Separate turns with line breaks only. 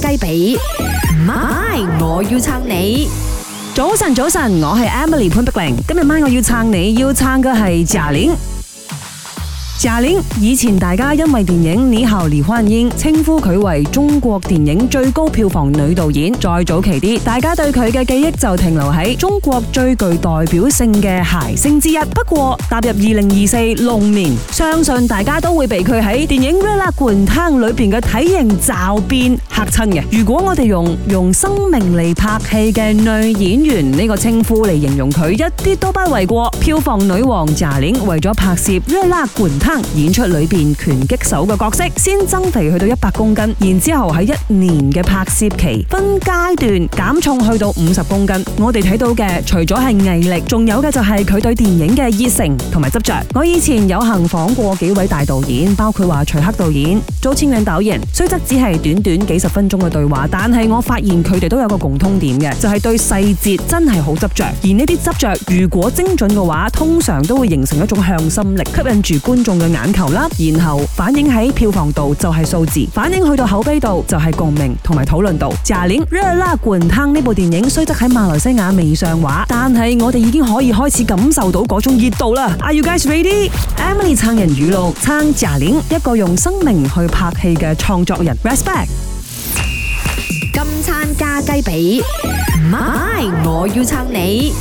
雞髀，唔係，我要撐你。早晨，早晨，我係 Emily 潘碧玲。今日晚我要撐你，要撐嘅係賈玲。賈玲以前大家因為電影《你好，李煥英》稱呼佢為中國電影最高票房女導演。再早期啲，大家對佢嘅記憶就停留喺中國最具代表性嘅諧星之一。不過踏入二零二四龍年，相信大家都會被佢喺電影《熱辣滾燙》裏邊嘅體型驟變嚇親嘅。如果我哋用用生命嚟拍戲嘅女演員呢個稱呼嚟形容佢，一啲都不為過。票房女王賈玲為咗拍攝《熱辣滾燙》演出裏邊拳擊手嘅角色，先增肥去到一百公斤，然之後喺一年嘅拍攝期，分階段減重去到五十公斤。我哋睇到嘅除咗係毅力，仲有嘅就係佢對電影嘅熱誠同埋執着。我以前有幸訪過幾位大導演，包括話徐克導演、早千亮導演，雖則只係短短幾十分鐘嘅對話，但係我發現佢哋都有一個共通點嘅，就係、是、對細節真係好執着。而呢啲執着如果精準嘅話，通常都會形成一種向心力，吸引住觀眾。眼球啦，然後反映喺票房度就係數字，反映去到口碑度就係共鳴同埋討論度。賈玲《熱辣滾燙》呢部電影雖則喺馬來西亞未上畫，但係我哋已經可以開始感受到嗰種熱度啦。Are you guys ready？Emily 撐人語錄，撐賈玲，一個用生命去拍戲嘅創作人，respect。今餐加雞髀，唔係我要撐你。